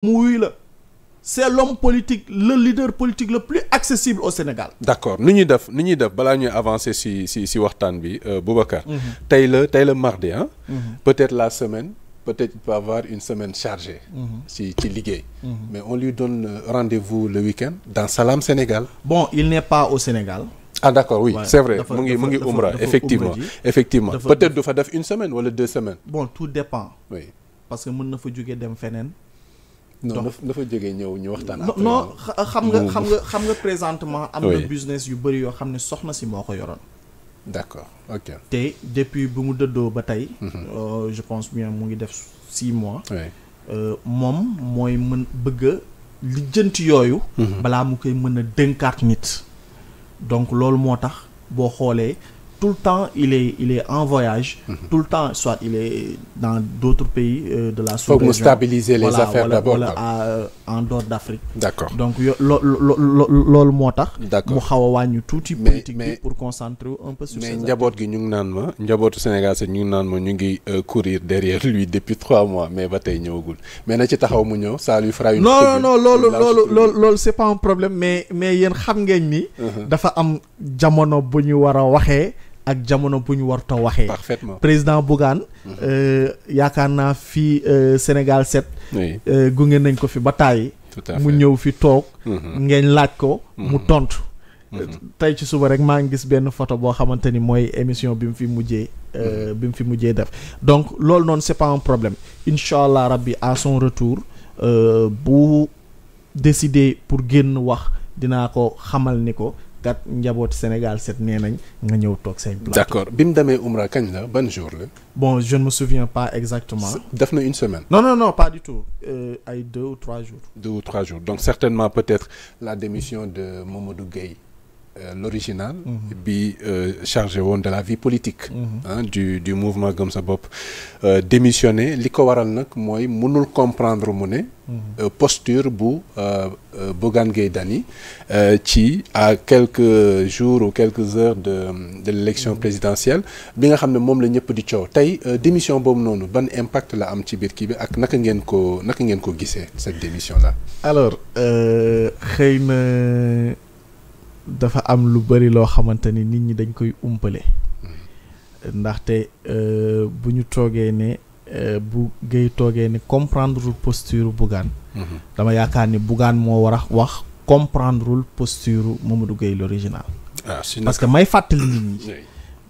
mu wuy la c'est l'homme politique le leader politique le plus accessible au Sénégal d'accord ni ñuy def nu ñuy def balaa ñuy avancer ci ci ci waxtaan bi euh, Boubacar mm-hmm. tey la tey la mardi ah peut-être la semaine peut-être il peut avoir une semaine chargée ci mm-hmm. ci liggéey mais on lui donne euh, rendez-vous le week dans Salam Sénégal bon il n'est pas au Sénégal ah d'accord oui c'est vrai mu ngi mu ngi effectivement effectivement peut-être du fa def une semaine wala deux semaines bon tout dépend oui parce que mën na fa jóge dem feneen donc non dafa jógee ñëw ñu waxtaan. non xam nga xam nga xam nga présentement. am na business yu bëri yoo xam ne soxna si moo ko yoroon. d' accord ok. te depuis bu mu dëddoo ba tey. Mhm. Euh, je pense bien mu ngi def six mois. Euh, moom mooy mën bëgg a lijjanti yooyu. Mhm. balaa mu koy mën a dënkaat nit. donc loolu moo tax boo xoolee. tout le temps il est il est en voyage. Mhm. tout le temps soit il est dans d'autres pays euh, de la sous-région. foog mu stabiliser les voilà, affaires d'abord voilà euh, en dehors d'Afrique. d'accord donc yo loolu moo tax. d'accord mu xaw a wàññi tuuti. politique bi pour concentrer un peu sur. mais njaboot gi ñu ngi naan ma njabootu Sénégal sax ñu ngi naan ma ñu ngi euh, courir derrière lui depuis trois mois mais ba tey ñëwagul mais na ci taxaw mu ñëw ça lui fera une. non non loolu loolu loolu c'est pas un problème mais mais yéen xam ngeen ni. Uh-huh. dafa am jamono bu ñu war a waxee. ak jamono bu ñu warta waxee président Bougane mhm. euh, yaakaar naa fii euh, Sénégal set euh, gunge nañ ko fi ba tàyyi mu ñëw fi toog mhm. ngeen laaj ko mu mhm. tontu tey ci suba rek maa ngi gis benn photo boo xamante ni mooy émission bi mu fi mujjee bi mu fi mujjee def donc loolu noonu c'est pas un problème incha allah rabbi à son retour bu décidé pour génn wax dinaa ko xamal ni ko kat njaboot Sénégal set nee nañ nga ñëw toog seen plateau. d'accord bi mu demee Umra kañ la ban jour la. bon jeune ne me souviens pas exactement. def na une semaine. non non non pas du tout euh, ay deux ou trois jours. deux ou trois jours donc certainement peut-être la démission de Mamadou Gueye. Euh, l'original bi euh, chargé woon de la vie politique ah du du mouvement Gëm Sa Bopp euh, démissionné li ko waral nag mooy mënul comprendre mu ne mhm. posture bu Bougane Gueye Dany ci à quelques jours ou quelques heures de de l'élection mhm. présidentielle bi nga xam ne moom la ñëpp di coow tey démission boobu noonu ban impact la am ci biir kii bi ak naka ngeen ko naka ngeen ko gisee cette démission là alors xëy na dafa am lu bari loo xamante ni nit ñi dañ koy umpale mm-hmm. ndaxte euh, bu ñu toogee ne euh, bu géey toogee ne comprendrewul posture Bougane mm-hmm. dama yaakaar ni Bougane moo war a wax comprendrewul posture Mamadou Gueye l'original ah, parce que may fàttali nit ñi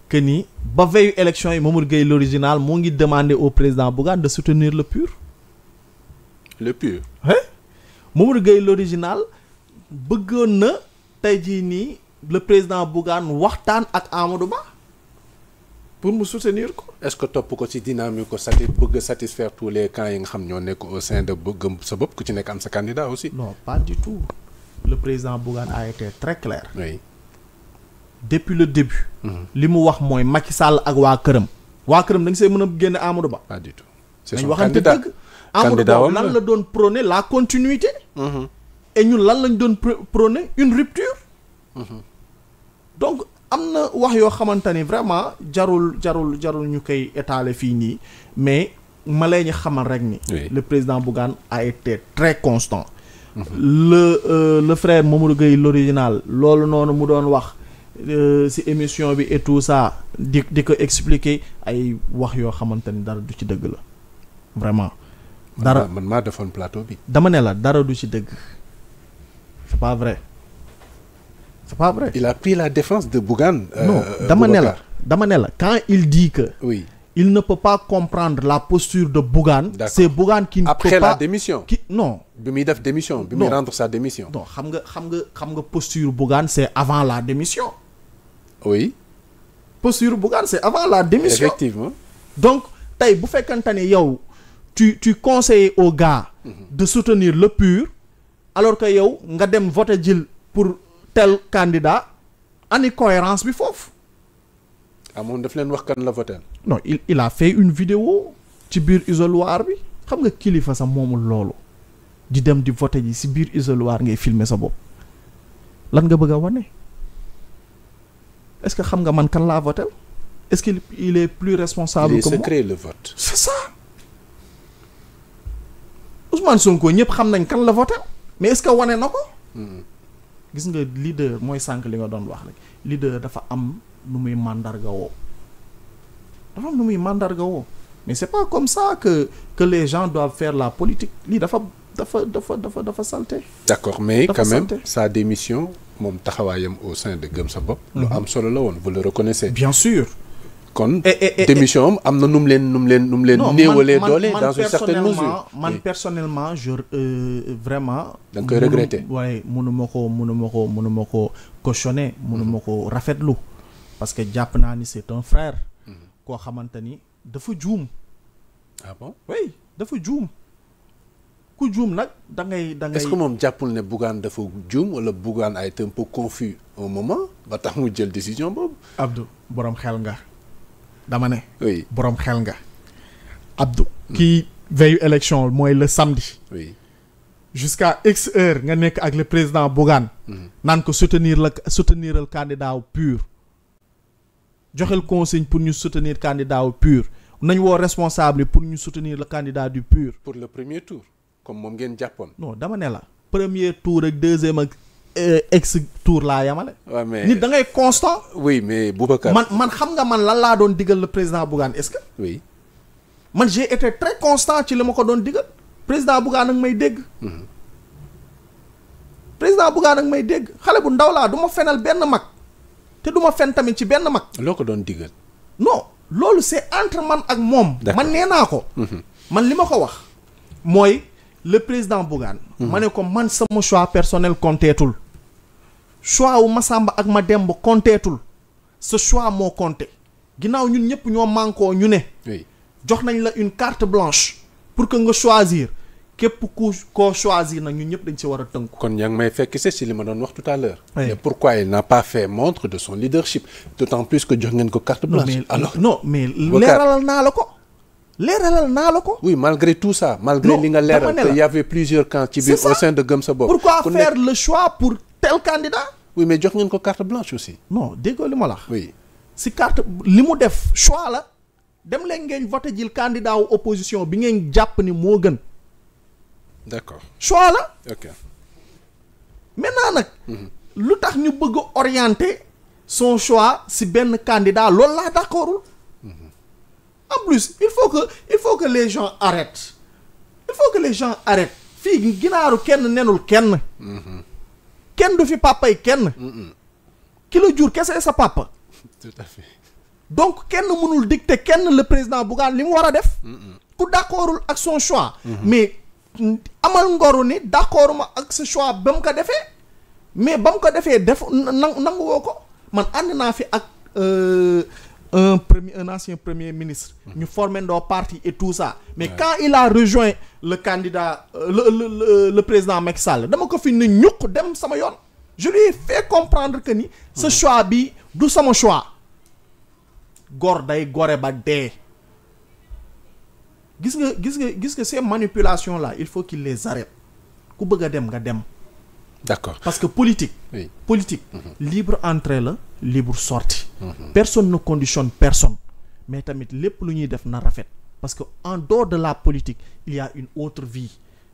que ni ba veyu élection yi Mamadou Gueye l'original moo ngi demander au président Bougane de soutenir le pur le pur Mamadou Gueye l'original bëggoon na tey jii nii le président Bougane waxtaan ak Amadou Ba pour mu soutenir ko. est-ce que topp ko ci dynamique ko sati bëgg satisfaire tous les camps yi nga xam ñoo nekk au sein de gëm sa bopp ku ci nekk am sa candidat aussi. non pas du tout le président Bougane a été très clair. depuis le début. Mhm. li mu wax mooy Macky sàll ak waa këram. waa këram da see mën a génne Amadou Ba. pas du tout c'est son candidat dañ waxante dëgg. Amadou Ba lan la doon prôner la continuité. Mhm. et ñun lan lañ doon prôner une rupture. Mm-hmm. donc am na wax yoo xamante ni vraiment jarul jarul jarul ñu koy étaler fii nii mais ma leen ñu xamal rek ni. le président Bougane a été très constant. Mm-hmm. le euh, le frère Mamadou Gueye l'original loolu noonu mu doon wax ci euh, émission bi et tout ça di di ko expliquer ay wax yoo xamante ni dara du ci dëgg la vraiment. dara man maa defoon plateau bi. dama ne la dara du ci dëgg. c'est pas vrai c'est pas vrai. il a pris la défense de Bougane. Euh, non euh, dama ne la dama ne la quand il dit que. oui il ne peut pas comprendre la posture de Bougane. c'est Bougane qui ne après peut pas après la démission. qui non. bi muy def démission bi muy rendre sa démission. non xam nga xam nga xam nga posture Bougane c'est avant la démission. oui. posture Bougane c'est avant la démission effectivement. donc tey bu fekkante ne yow tu tu conseilles aux gars. Mhm. de soutenir le alors que yow nga dem voté jil pour tel candidat ani cohérence bi foofu. amoon ah, daf leen wax kan la voté. non il il a fait une vidéo ci biir isoloir bi xam nga kilifa sa moomul loolu di dem di voté ji si biir isoloir ngay filmer sa bopp lan nga bëgg a wane est-ce que xam nga man kan laa voté est-ce qu'il il est plus responsable. que il est secret le vote. c'est ça Ousmane Sonko ñëpp xam nañ kan la voté. mais est-ce que wane na ko. Hmm. gis nga leader mooy sànq li nga doon wax rek leader dafa am nu muy mandarga woo dafa am nu muy mandarga woo mais c'est pas comme ça que que les gens doivent faire la politique lii dafa dafa dafa dafa dafa salte d'accord mais quand même sa démission moom taxawaayam au sein de Gëm sa bopp. lu mhm. am solo la woon vous le reconnaissez. bien sûr. kon démission am am na nu mu leen nu mu leen nu mu leen néewalee doole dans une certaine mesure man personnellement je euh, vraiment da koy regretter waaye mënu ma ko mënu ma ko mënu ma ko cautionner mënu ko mhm. rafetlu parce que jàpp naa ni c'est un frère mhm. koo xamante ni dafa juum ah bon dafa juum ku juum nag da ngay da ngay jàppul ne Bougane dafa juum wala Bougane a été un peu au moment ba tax mu jël décision boobu Abdou borom xel nga dama ne. oui borom xel nga. Abdou. kii veille élection mooy le samedi. oui jusqu'à x heure nga nekk ak le président Bougane. Mm-hmm. naan ko soutenir la souteniral le candidat pur. joxel consigne pour ñu soutenir candidat wu pur nañ woo responsable pour ñu soutenir le candidat du pur. pour le premier tour comme moom ngeen jàppoon. non dama ne la premier tour ak deuxième ak. Euh, ex tour laa yamale. mais nit da ngay constant. oui mais Boubacar. man man xam nga man lan laa doon digal la président Bougane est-ce que. oui man j'ai été très constant ci li ma ko doon digal président Bougane ak may dégg. Mhm. président Bougane may dégg xale bu ndaw laa du fenal benn mag te du ma fen tamit ci benn mag. loo ko doon digal. non loolu c'est entre man ak moom. man nee naa ko. Mhm. man li ma ko wax mooy. le président Bougane. Mhm. ma ne ko man sama choix personnel compteetul. choix wu Masamba ak Mademba konteetul ce choix moo compté ginnaaw ñun ñëpp ñoo mànkoo ñu ne jox nañ la une carte blanche pour que nga choisir képp ku koo choisir na ñun ñëpp dañ si war a tënku kon yaa ngi may fekk c'est si li ma doon wax tout à l'heure mais pourquoi il n'a pas fait montre de son leadership d'autant plus que jox ngeen ko carte blanche alors non mais leeralal naa la ko leeralal naa la ko oui malgré tout ça malgré li nga leeral il y avait plusieurs camps tel candidat. oui mais jox ngeen ko carte blanche aussi. non déggoo li ma la oui si carte li mu def choix la dem leen ngeen voté jil candidat wu opposition bi ngeen jàpp ni moo gën. d' choix la. ok maintenant nag. Mhm. lu tax ñu bëgg orienté son choix si benn kandidaa loolu laa d' accordul mhm. en plus il faut que il faut que les gens arrêtent il faut que les gens arrêtent fii ginaaru kenn nenul kenn. Mhm. kenn du fi papay kenn. ki jur kese sa papa. donc kenn mënul dicter kenn le président Bougane li mu war a def. ku d'accordul ak son choix. Mm-hmm. mais amal ngoru ni d'accord ma ak sa choix ba mu ko defee. mais ba mu ko defee def nangu nangu woo ko man ànd naa fi ak. Euh, un premier un premier ministre. Mm-hmm. ñu formé ndoo parti et tout ça. mais ouais. quand il a rejoint le candidat euh, le le le, le président Macky Sall dama ko fi ne ñukk dem sama yoon. je lui fait comprendre que ni. ce mm-hmm. choix bi du sama choix. góor day gore ba dee. gis nga gis nga gis nga ces manipulations là il faut qu'il les arrête ku bëgg a dem nga dem. d'accord parce que politique. politique. Mm-hmm. libre entrée la libre sortie. Mhm. personne ne conditionne personne mais tamit lépp lu ñuy def na rafet parce que en dehors de la politique il y a une autre vie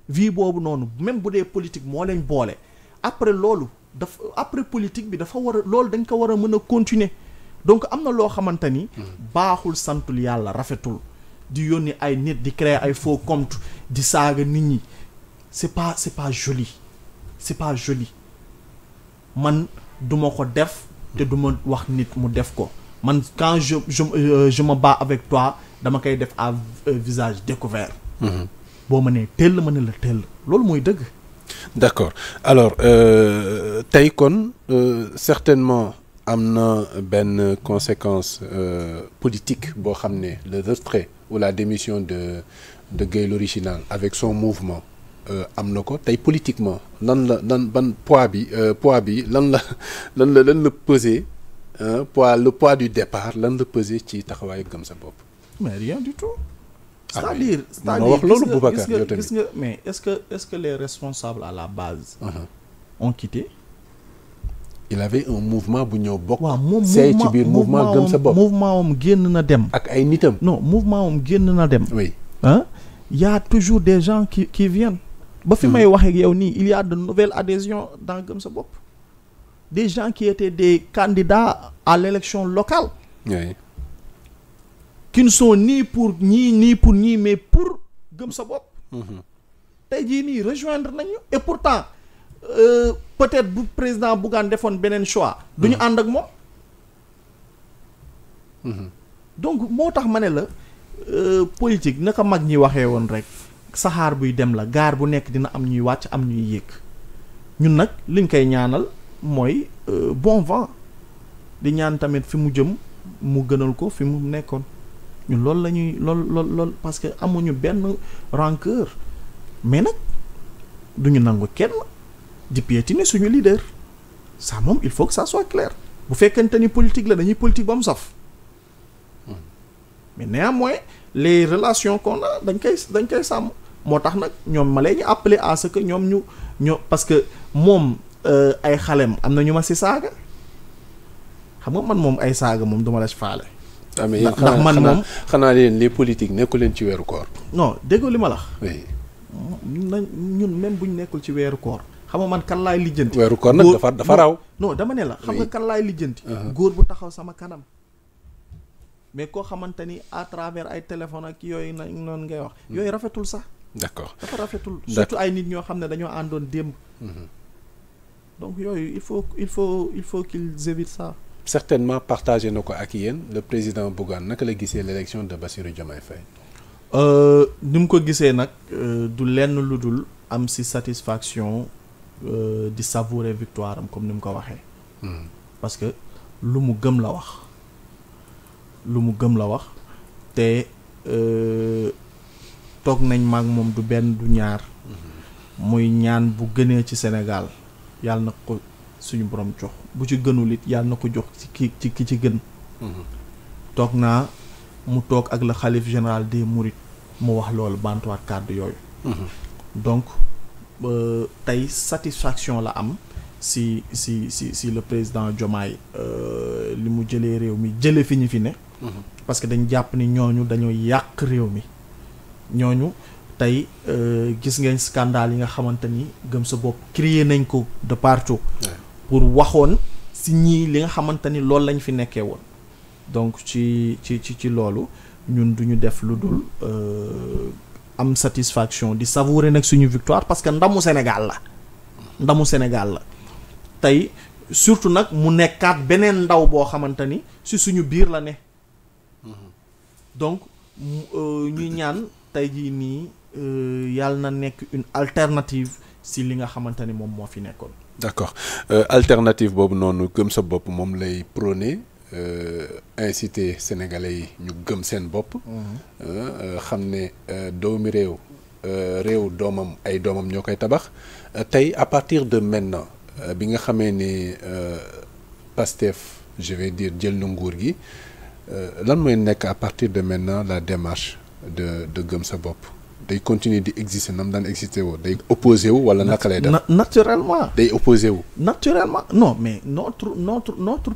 vie boobu noonu même bu dee politique moo leen boole après loolu dafa après politique bi dafa war a loolu dañ ko war a mën a continuer donc am na loo xamante ni mhm. baaxul santul yàlla rafetul di yónni ay nit di créer ay faux compte di saaga nit ñi c'est pas c'est pas joli c'est pas joli man duma ko def te du ma wax nit mu def ko man quand je je euh, je avec toi dama koy def à euh, visage découvert mhm. boo ma ne teel ma ne la teel loolu mooy dëgg. d'accord alors euh, tey kon euh, certainement am na benn conséquence euh, politique boo xam ne le retrait ou la démission de de Gueye l'original avec son mouvement. Euh, am na ko tey politiquement lan la lan ban poids bi euh, poids bi lan la lan la lan la peser poids le poids du départ lan la peser ci taxawaayu gëm sa bopp. mais rien du tout. Ah, c'est-à-dire c'est-à-dire gis nga gis nga mais est-ce que est-ce que les responsables à la base. Uh-huh. ont quitté. il avait un mouvement bu ñëw bokk. waaw moom mouvement ci biir mouvement gëm sa bopp mouvement am génn na dem. ak ay nitam. non mouvement am génn na dem. oui ah y a toujours des gens qui qui viennent. ba fi hmm. may waxee ak yow nii il y a de nouvelles adhésions dans Gëm sa bopp des gens qui étaient des candidats à l'élection locale oui. qui ne sont pour ñii nii pour ñii mais pour Gëm sa bopp hmm. tey jii nii rejoindre nañu et pourtant euh, peut-être bu président Bougane defoon beneen choix du ñu hmm. ànd ak moom donc moo tax ma ne la euh, politique naka mag ñi waxee woon rek saxaar buy dem la gaar bu nekk dina am ñuy wàcc am ñuy yéeg ñun nag liñ koy ñaanal mooy euh, bon vent di ñaan tamit fi mu jëm mu gënal ko fi mu nekkoon ñun loolu la ñuy lool lool lool parce que amuñu benn rancœur mais nag duñu nangu kenn di piétiner suñu leader ça moom il faut que ça soit clair bu fekkente ni politique la dañuy politique ba mu saf hmm. mais néanmoins les relations qu'on a dañ koy dañ koy sàmm moo tax nag ñoom ma lay apple appeler à que ñoom ñu ñoo parce que moom euh, ay xalem am na ñu ma si saaga xam nga man moom ay saaga moom duma la si faale. Ah, ndax man moom xanaa leen les politiques nekku leen ci weeru koor. non déggoo li ma la. oui na ñun même buñ nekkul ci weeru koor. xam nga man kan laay lijjanti. weeru koor nag dafa dafa raw. non dama ne la xam nga kan laay lijjanti. Ah. góor bu taxaw sama kanam. mais koo xamante ni à travers ay téléphone ak yooyu noonu ngay wax. Mm. yooyu rafetul sax. d'accord dafa rafetul surtout ay nit ñoo xam ne dañoo àndoon démb mhm. donc yooyu il faut il faut il faut qu'ils évitent ça certainement partagé na ko ak yéen le président Bougane naka la gisee l'élection de Bassirou Diomaye Faye euh, ni mu ko gisee nag euh, du lenn lu dul am si satisfaction euh, di savourer victoire am comme ni mu ko waxee mhm. parce que lu mu gëm la wax lu mu gëm la wax te toog nañ maag moom du benn du ñaar mm-hmm. muy ñaan bu gënee ci Sénégal yàlla na ko suñu borom jox bu ci gënul it yàlla na ko jox ci ki ci ki ci gën mm-hmm. toog naa mu toog ak la xalif général des Mourides mu wax loolu bantuwaat kàddu yooyu mm-hmm. donc tey satisfaction la am si si si si le président Diomaye euh, li mu jëlee réew mi jële fi ñu fi ne parce que dañ jàpp ni ñooñu dañoo yàq réew mi ñooñu tey euh, gis ngeen scandale yi nga xamante ni gëm sa bopp créer nañ ko de pour waxoon si ñii li nga xamante ni loolu lañ fi nekkee woon. donc ci ci ci ci loolu ñun du ñu def lu dul euh, am satisfaction di savourer nag suñu victoire parce que ndamu Sénégal la ndamu Sénégal la tey surtout nag mu nekkaat beneen ndaw boo xamante ni si suñu biir la ne mm-hmm. donc euh, ñu ñaan. tey jii nii euh, yàlla na nekk une si li nga xamante ni moom moo fi nekkoon. d'accord euh, alternative boobu noonu gëm sa bopp moom lay prôné euh, incité sénégalais yi ñu gëm seen bopp. Mhm. Euh, xam ne euh, doomi réew réew doomam ay doomam ñoo koy tabax tey à partir de maintenant bi nga xamee ni Pastef je vais dire jël na nguur gi lan mooy nekk à partir de maintenant la démarche. de de gëm sa bopp day continuer di exister nam daan exister woo day opposé wu wala naka lay def naturellement day opposé wu naturellement non mais notre notre notre